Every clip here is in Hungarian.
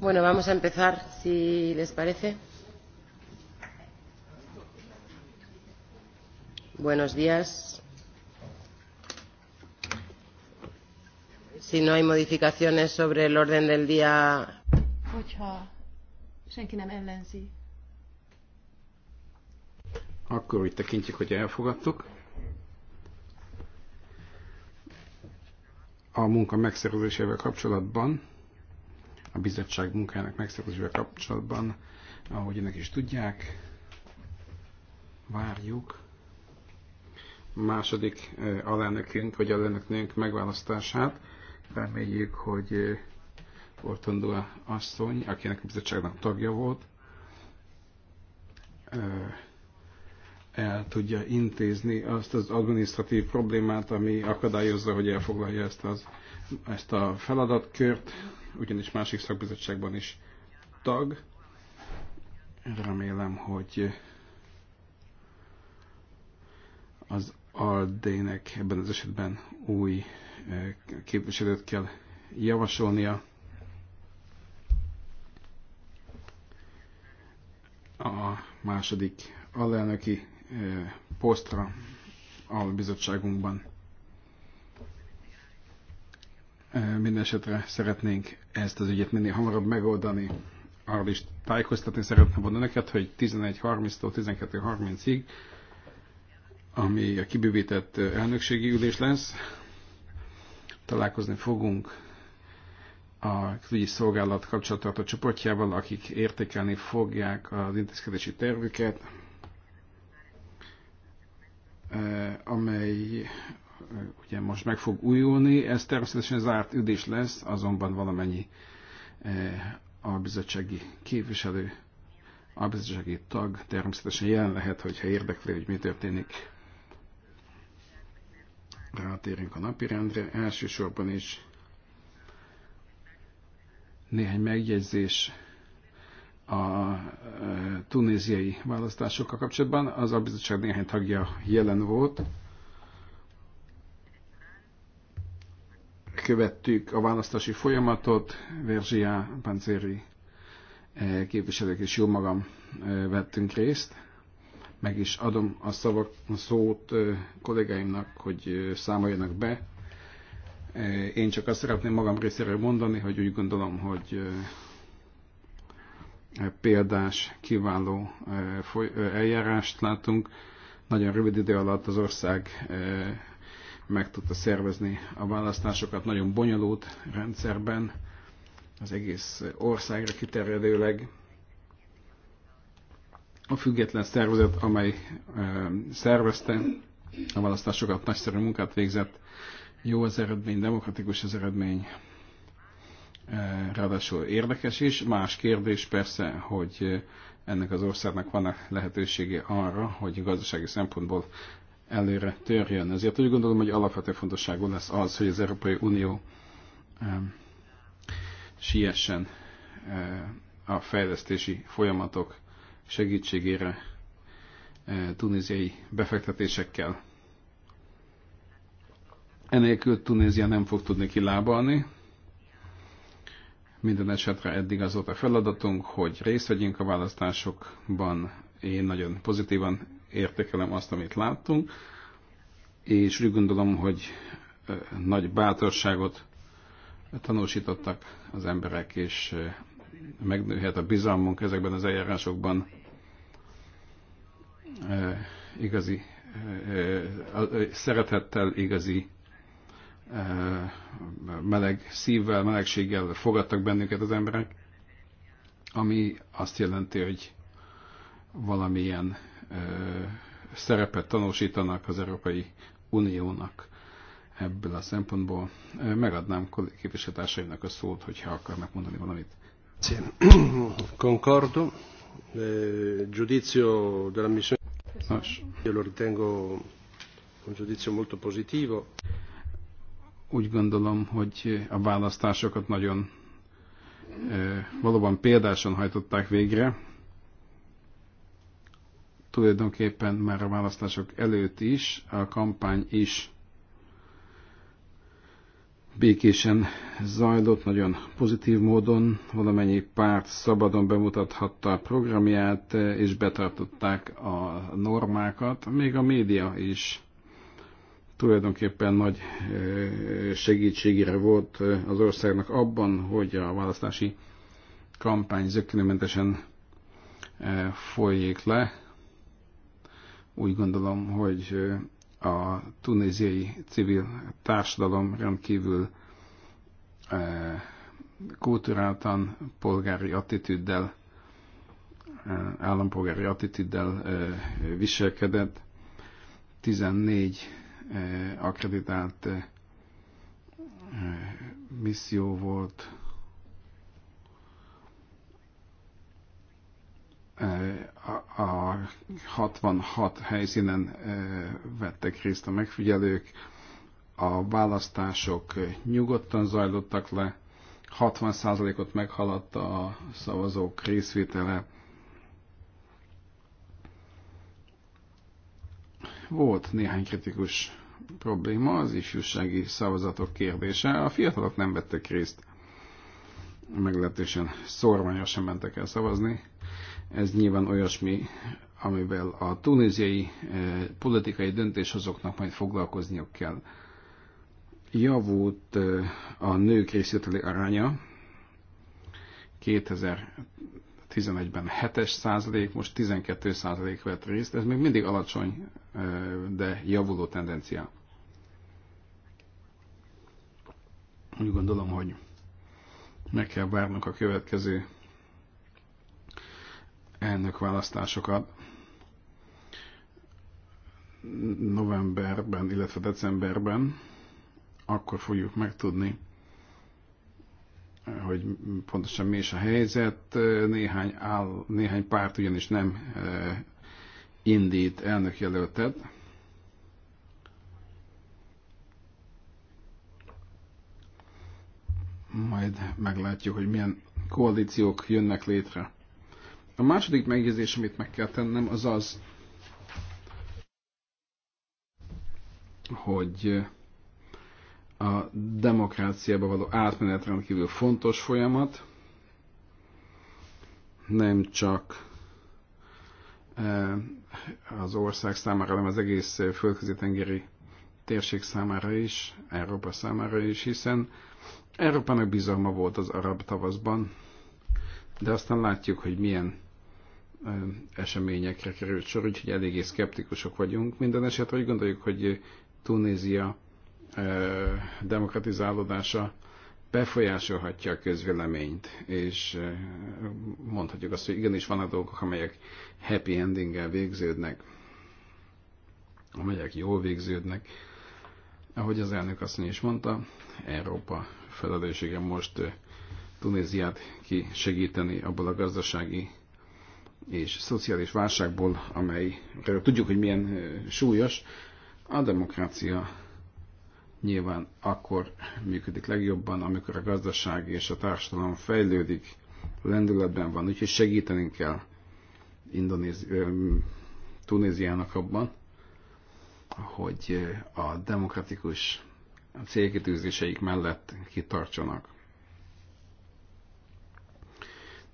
Bueno, vamos a empezar, si les parece. Buenos días. Si no hay modificaciones sobre el orden del día. nem ellenzi. Akkor úgy tekintjük, hogy elfogadtuk. A munka megszervezésével kapcsolatban a bizottság munkának megszervezésével kapcsolatban, ahogy önök is tudják, várjuk második alelnökünk vagy alelnöknőnk megválasztását. Reméljük, hogy Ortondó asszony, akinek a bizottságnak tagja volt, el tudja intézni azt az adminisztratív problémát, ami akadályozza, hogy elfoglalja ezt, az, ezt a feladatkört ugyanis másik szakbizottságban is tag. Remélem, hogy az Aldének ebben az esetben új képviselőt kell javasolnia. A második alelnöki posztra a bizottságunkban. Mindenesetre szeretnénk ezt az ügyet minél hamarabb megoldani. Arról is tájékoztatni szeretném volna neked, hogy 11.30-tól 12.30-ig, ami a kibővített elnökségi ülés lesz, találkozni fogunk a külügyi szolgálat a csoportjával, akik értékelni fogják az intézkedési tervüket, amely ugye most meg fog újulni, ez természetesen zárt üdés lesz, azonban valamennyi eh, a bizottsági képviselő, a bizottsági tag természetesen jelen lehet, hogyha érdekli, hogy mi történik. Rátérünk a napirendre, elsősorban is néhány megjegyzés a eh, tunéziai választásokkal kapcsolatban. Az a bizottság néhány tagja jelen volt, követtük a választási folyamatot, Verzsia Pancéri eh, képviselők és jó magam eh, vettünk részt. Meg is adom a, szavak, a szót eh, kollégáimnak, hogy számoljanak be. Én csak azt szeretném magam részéről mondani, hogy úgy gondolom, hogy példás, kiváló eljárást látunk. Nagyon rövid idő alatt az ország meg tudta szervezni a választásokat nagyon bonyolult rendszerben, az egész országra kiterjedőleg. A független szervezet, amely szervezte a választásokat, nagyszerű munkát végzett, jó az eredmény, demokratikus az eredmény, ráadásul érdekes is. Más kérdés persze, hogy ennek az országnak van-e lehetősége arra, hogy gazdasági szempontból előre törjön. Ezért úgy gondolom, hogy alapvető fontosságú lesz az, hogy az Európai Unió siessen a fejlesztési folyamatok segítségére tunéziai befektetésekkel. Enélkül Tunézia nem fog tudni kilábalni. Minden esetre eddig az volt a feladatunk, hogy részt vegyünk a választásokban. Én nagyon pozitívan értékelem azt, amit láttunk, és úgy gondolom, hogy nagy bátorságot tanúsítottak az emberek, és megnőhet a bizalmunk ezekben az eljárásokban. Igazi szeretettel, igazi meleg szívvel, melegséggel fogadtak bennünket az emberek, ami azt jelenti, hogy valamilyen szerepet tanúsítanak az Európai Uniónak ebből a szempontból. Megadnám képviselőtársaimnak a szót, hogyha akarnak mondani valamit. Concordo. Giudizio della missione. Io lo ritengo un giudizio molto positivo. Úgy gondolom, hogy a választásokat nagyon valóban példáson hajtották végre tulajdonképpen már a választások előtt is, a kampány is békésen zajlott, nagyon pozitív módon, valamennyi párt szabadon bemutathatta a programját, eh, és betartották a normákat, még a média is tulajdonképpen nagy eh, segítségére volt eh, az országnak abban, hogy a választási kampány zöggenőmentesen folyik le, úgy gondolom, hogy a tunéziai civil társadalom rendkívül kulturáltan, polgári attitűddel, állampolgári attitűddel viselkedett. 14 akreditált misszió volt, a 66 helyszínen vettek részt a megfigyelők, a választások nyugodtan zajlottak le, 60%-ot meghaladta a szavazók részvétele. Volt néhány kritikus probléma, az ifjúsági szavazatok kérdése. A fiatalok nem vettek részt, meglehetősen szorványosan mentek el szavazni ez nyilván olyasmi, amivel a tunéziai eh, politikai döntéshozóknak majd foglalkozniuk kell. Javult eh, a nők részvételi aránya 2011-ben 7-es százalék, most 12 százalék vett részt, ez még mindig alacsony, eh, de javuló tendencia. Úgy gondolom, hogy meg kell várnunk a következő választásokat novemberben, illetve decemberben, akkor fogjuk megtudni, hogy pontosan mi is a helyzet. Néhány, áll, néhány párt ugyanis nem eh, indít elnökjelöltet. Majd meglátjuk, hogy milyen koalíciók jönnek létre. A második megjegyzés, amit meg kell tennem, az az, hogy a demokráciába való átmenet rendkívül fontos folyamat, nem csak e, az ország számára, hanem az egész földközi tengeri térség számára is, Európa számára is, hiszen Európának bizalma volt az arab tavaszban, de aztán látjuk, hogy milyen eseményekre került sor, úgyhogy eléggé szkeptikusok vagyunk. Minden esetre úgy gondoljuk, hogy Tunézia demokratizálódása befolyásolhatja a közvéleményt, és mondhatjuk azt, hogy igenis vannak dolgok, amelyek happy endinggel végződnek, amelyek jól végződnek. Ahogy az elnök azt is mondta, Európa felelőssége most Tunéziát ki segíteni abból a gazdasági és szociális válságból, amely tudjuk, hogy milyen súlyos, a demokrácia nyilván akkor működik legjobban, amikor a gazdaság és a társadalom fejlődik, lendületben van, úgyhogy segítenünk kell Indonézi- Tunéziának abban, hogy a demokratikus célkitűzéseik mellett kitartsanak.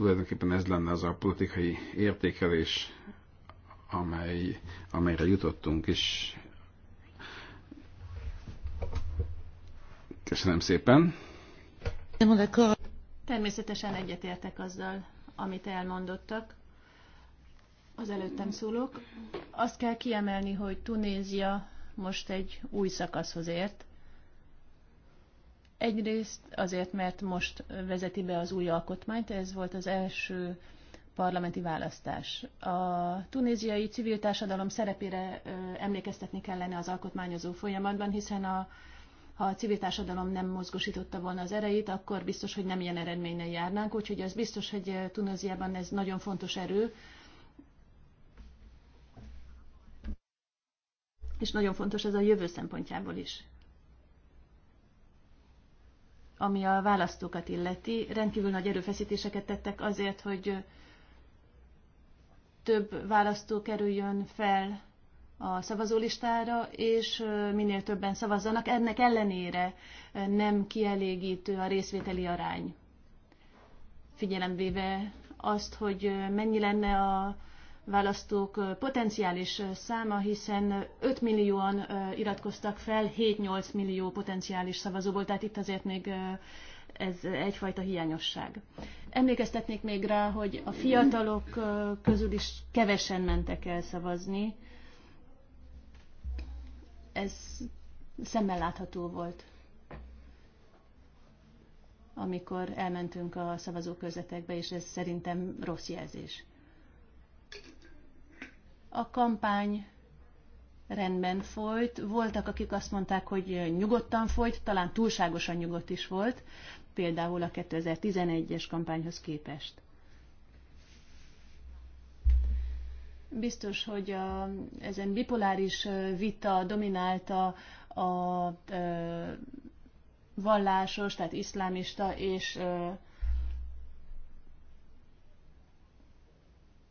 Tulajdonképpen ez lenne az a politikai értékelés, amely, amelyre jutottunk, és köszönöm szépen. Természetesen egyetértek azzal, amit elmondottak az előttem szólók. Azt kell kiemelni, hogy Tunézia most egy új szakaszhoz ért, Egyrészt azért, mert most vezeti be az új alkotmányt, ez volt az első parlamenti választás. A tunéziai civil társadalom szerepére emlékeztetni kellene az alkotmányozó folyamatban, hiszen a, ha a civil társadalom nem mozgosította volna az erejét, akkor biztos, hogy nem ilyen eredménye járnánk, úgyhogy az biztos, hogy Tunéziában ez nagyon fontos erő, és nagyon fontos ez a jövő szempontjából is ami a választókat illeti. Rendkívül nagy erőfeszítéseket tettek azért, hogy több választó kerüljön fel a szavazólistára, és minél többen szavazzanak. Ennek ellenére nem kielégítő a részvételi arány. Figyelemvéve azt, hogy mennyi lenne a választók potenciális száma, hiszen 5 millióan iratkoztak fel, 7-8 millió potenciális szavazóból, tehát itt azért még ez egyfajta hiányosság. Emlékeztetnék még rá, hogy a fiatalok közül is kevesen mentek el szavazni. Ez szemmel látható volt, amikor elmentünk a szavazókörzetekbe, és ez szerintem rossz jelzés. A kampány rendben folyt. Voltak, akik azt mondták, hogy nyugodtan folyt, talán túlságosan nyugodt is volt, például a 2011-es kampányhoz képest. Biztos, hogy a, ezen bipoláris vita dominálta a, a, a vallásos, tehát iszlámista és a,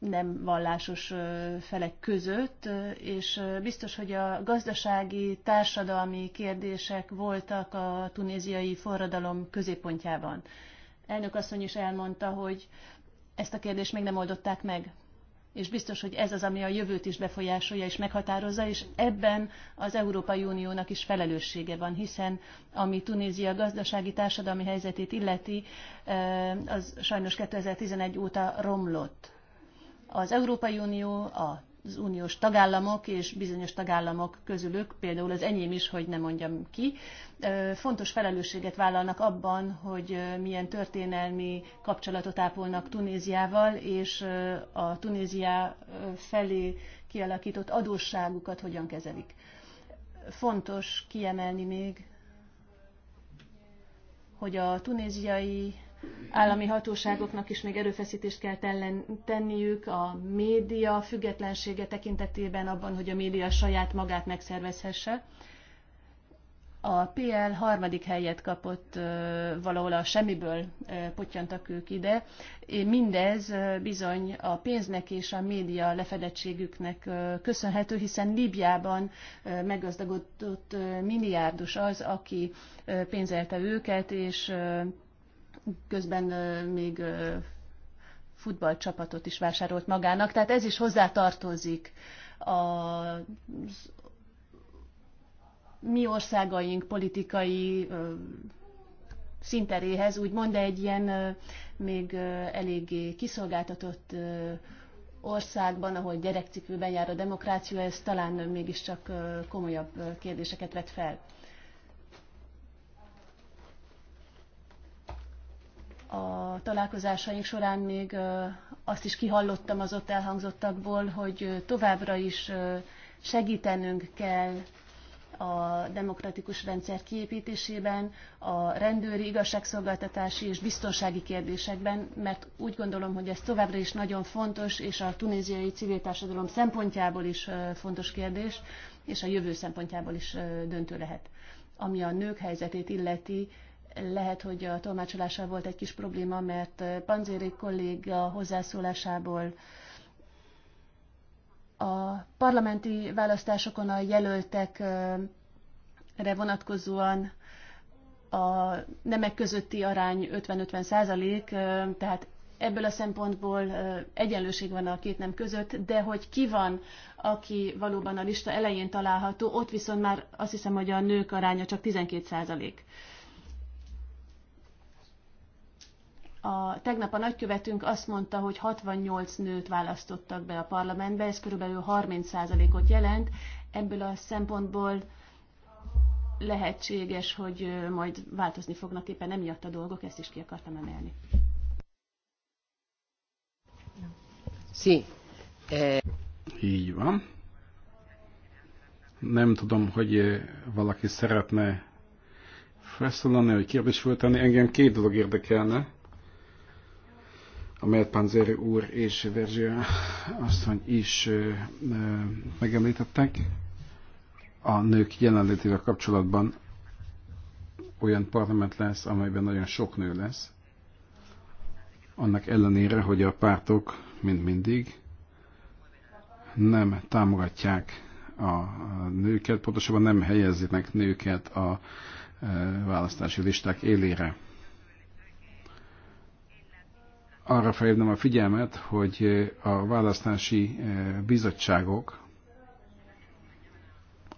nem vallásos felek között, és biztos, hogy a gazdasági, társadalmi kérdések voltak a tunéziai forradalom középpontjában. Elnök asszony is elmondta, hogy ezt a kérdést még nem oldották meg. És biztos, hogy ez az, ami a jövőt is befolyásolja és meghatározza, és ebben az Európai Uniónak is felelőssége van, hiszen ami Tunézia gazdasági társadalmi helyzetét illeti, az sajnos 2011 óta romlott az Európai Unió, az uniós tagállamok és bizonyos tagállamok közülük, például az enyém is, hogy nem mondjam ki, fontos felelősséget vállalnak abban, hogy milyen történelmi kapcsolatot ápolnak Tunéziával, és a Tunézia felé kialakított adósságukat hogyan kezelik. Fontos kiemelni még, hogy a tunéziai állami hatóságoknak is még erőfeszítést kell tellen, tenniük a média függetlensége tekintetében abban, hogy a média saját magát megszervezhesse. A PL harmadik helyet kapott valahol a semmiből potyantak ők ide. Mindez bizony a pénznek és a média lefedettségüknek köszönhető, hiszen Líbiában meggazdagodott milliárdos az, aki pénzelte őket, és közben még futballcsapatot is vásárolt magának, tehát ez is hozzátartozik a mi országaink politikai szinteréhez, úgymond egy ilyen még eléggé kiszolgáltatott országban, ahol gyerekcipőben jár a demokrácia, ez talán mégiscsak komolyabb kérdéseket vet fel. a találkozásaink során még azt is kihallottam az ott elhangzottakból, hogy továbbra is segítenünk kell a demokratikus rendszer kiépítésében, a rendőri, igazságszolgáltatási és biztonsági kérdésekben, mert úgy gondolom, hogy ez továbbra is nagyon fontos, és a tunéziai civil társadalom szempontjából is fontos kérdés, és a jövő szempontjából is döntő lehet. Ami a nők helyzetét illeti, lehet, hogy a tolmácsolással volt egy kis probléma, mert Panzéri kolléga hozzászólásából a parlamenti választásokon a jelöltekre vonatkozóan a nemek közötti arány 50-50 százalék, -50%, tehát ebből a szempontból egyenlőség van a két nem között, de hogy ki van, aki valóban a lista elején található, ott viszont már azt hiszem, hogy a nők aránya csak 12 százalék. A, tegnap a nagykövetünk azt mondta, hogy 68 nőt választottak be a parlamentbe, ez körülbelül 30%-ot jelent. Ebből a szempontból lehetséges, hogy majd változni fognak éppen emiatt a dolgok, ezt is ki akartam emelni. Sí. Eh... Így van. Nem tudom, hogy valaki szeretne felszólalni, hogy kérdés volt tenni. Engem két dolog érdekelne amelyet Panzeri úr és Verzsia asszony is megemlítettek, a nők jelenlétével kapcsolatban olyan parlament lesz, amelyben nagyon sok nő lesz. Annak ellenére, hogy a pártok, mint mindig, nem támogatják a nőket, pontosabban nem helyeznek nőket a választási listák élére arra felhívnám a figyelmet, hogy a választási bizottságok,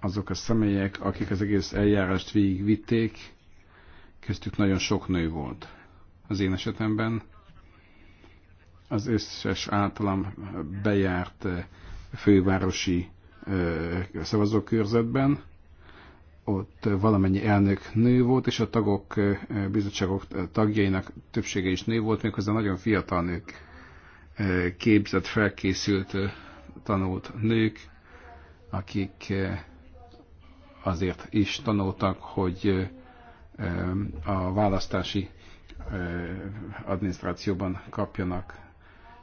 azok a személyek, akik az egész eljárást végigvitték, köztük nagyon sok nő volt. Az én esetemben az összes általam bejárt fővárosi szavazókörzetben ott valamennyi elnök nő volt, és a tagok, eh, bizottságok tagjainak többsége is nő volt, méghozzá nagyon fiatal nők, eh, képzett, felkészült, eh, tanult nők, akik azért is tanultak, hogy a választási adminisztrációban kapjanak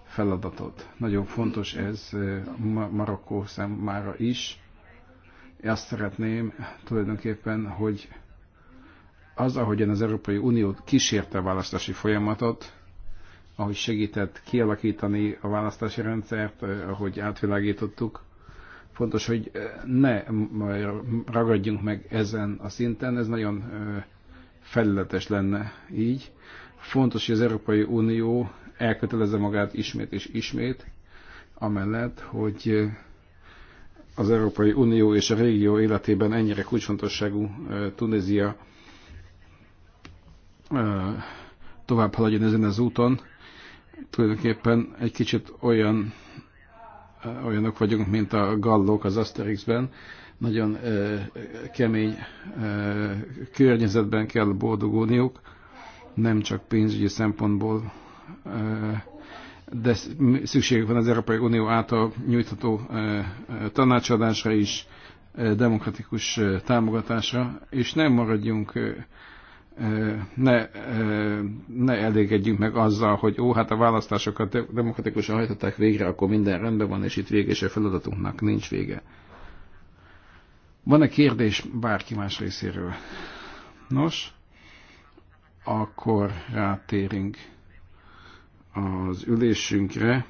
feladatot. Nagyon fontos ez Marokkó számára is, azt szeretném tulajdonképpen, hogy az, ahogyan az Európai Unió kísérte a választási folyamatot, ahogy segített kialakítani a választási rendszert, eh, ahogy átvilágítottuk, fontos, hogy eh, ne ragadjunk meg ezen a szinten, ez nagyon eh, felületes lenne így. Fontos, hogy az Európai Unió elkötelezze magát ismét és ismét, amellett, hogy az Európai Unió és a régió életében ennyire kulcsfontosságú Tunézia tovább haladjon ezen az úton. Tulajdonképpen egy kicsit olyan olyanok vagyunk, mint a gallók az Asterixben. Nagyon kemény környezetben kell boldogulniuk, nem csak pénzügyi szempontból de szükségük van az Európai Unió által nyújtható eh, eh, tanácsadásra is, eh, demokratikus támogatásra, és nem maradjunk, ne, ne elégedjünk meg azzal, hogy ó, hát a választásokat demokratikusan hajtották végre, akkor minden rendben van, és itt vége, és a feladatunknak nincs vége. Van-e kérdés bárki más részéről? Nos, akkor rátérünk az ülésünkre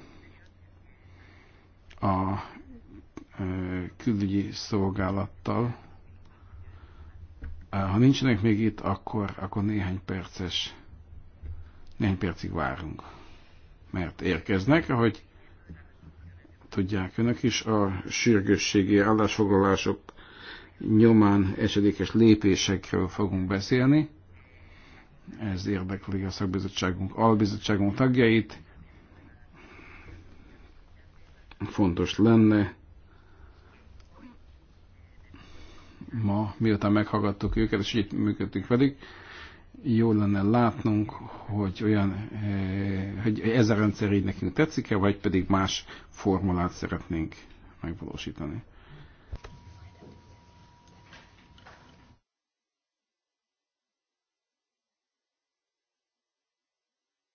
a e, külügyi szolgálattal. E, ha nincsenek még itt, akkor, akkor néhány perces, néhány percig várunk. Mert érkeznek, ahogy tudják önök is, a sürgősségi állásfoglalások nyomán esedékes lépésekről fogunk beszélni. Ez érdekli a szakbizottságunk, albizottságunk tagjait. Fontos lenne ma, miután meghallgattuk őket, és így működtük, velük, jó lenne látnunk, hogy olyan, eh, hogy ez a rendszer így nekünk tetszik-e, vagy pedig más formulát szeretnénk megvalósítani.